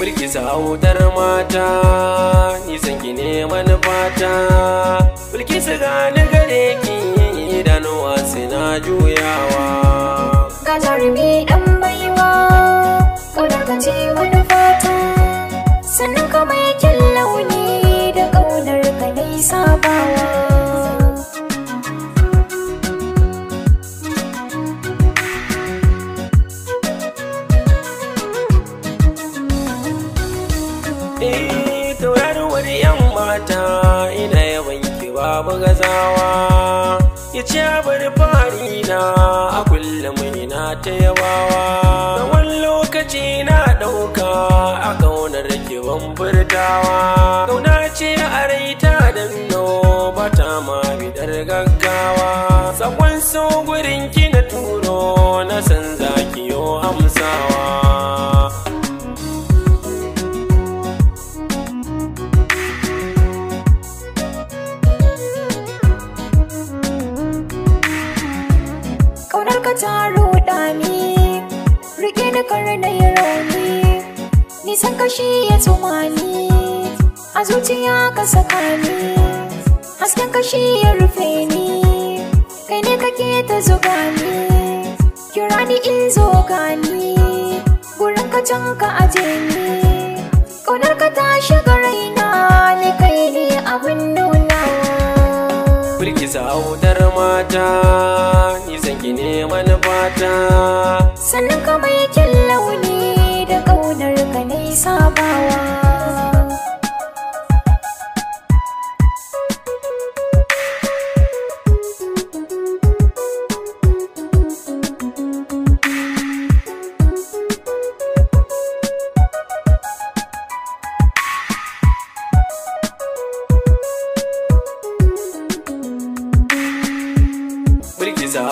Bilkisa hautar mata, nisan ki neman fata, Bilkisa gani gare ki idanuwa suna juyawa ka jarumi dan baiwa ƙunar ka ce sannan kama yakin launi da ƙaunar ka dai sabawa Eh, yan mata ina ya wanki babu gazawa ya ce bari fari na a kullum na ta yawawa tsawon lokaci na ɗauka a ƙaunar ke furtawa ƙauna ce a raita danno ba ta ma bidar gaggawa sakon so gurin ki ka ta ruɗa ni Rike da kare na yi rauni Nisan kashi ya tuma ni A zuciya ka saka ni Hasken kashi ya rufe ni Kai ne kake ta zuga ni Kira ni in zo gani Gurin ka can ka aje ni Ƙaunar ka ta shiga raina Ni kai ne abin nuna Bilkisa hudar mata neman fata. sannan ka mai launi da ƙaunar ka ne sabawa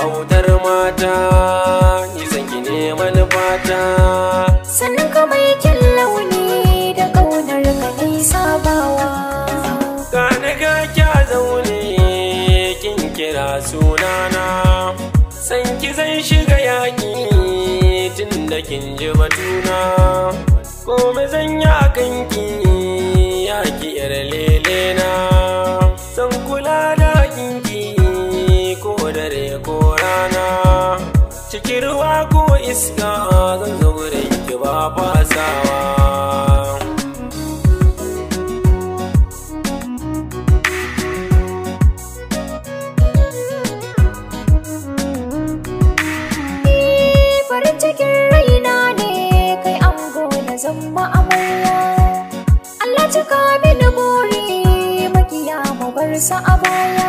autar mata ni sanki ne fata. sannan ka mai launi da ƙaunar ka ne sabawa ka ga kya zaune kin kira sunana Sanki zan shiga yaƙi tun da kin ji batuna komai zan yi a kanki cikin ruwa ko iska zan zo wurin ki ba fasawa farin cikin raina ne kai ango da zama amarya Allah cika mini buri makiya mu bar sa a baya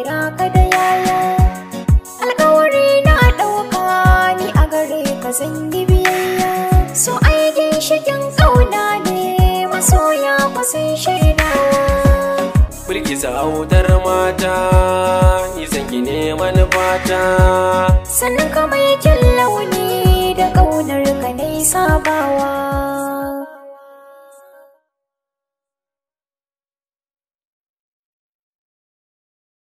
kira ka da yaya alkawari na ɗauka ni a gare ka zan yi biyayya so aikin shigin ƙauna ne masoya ku sun shaidawa bilkisa autar mata izan ki neman fata. sannan ka mai launi da ƙaunar ka ne sabawa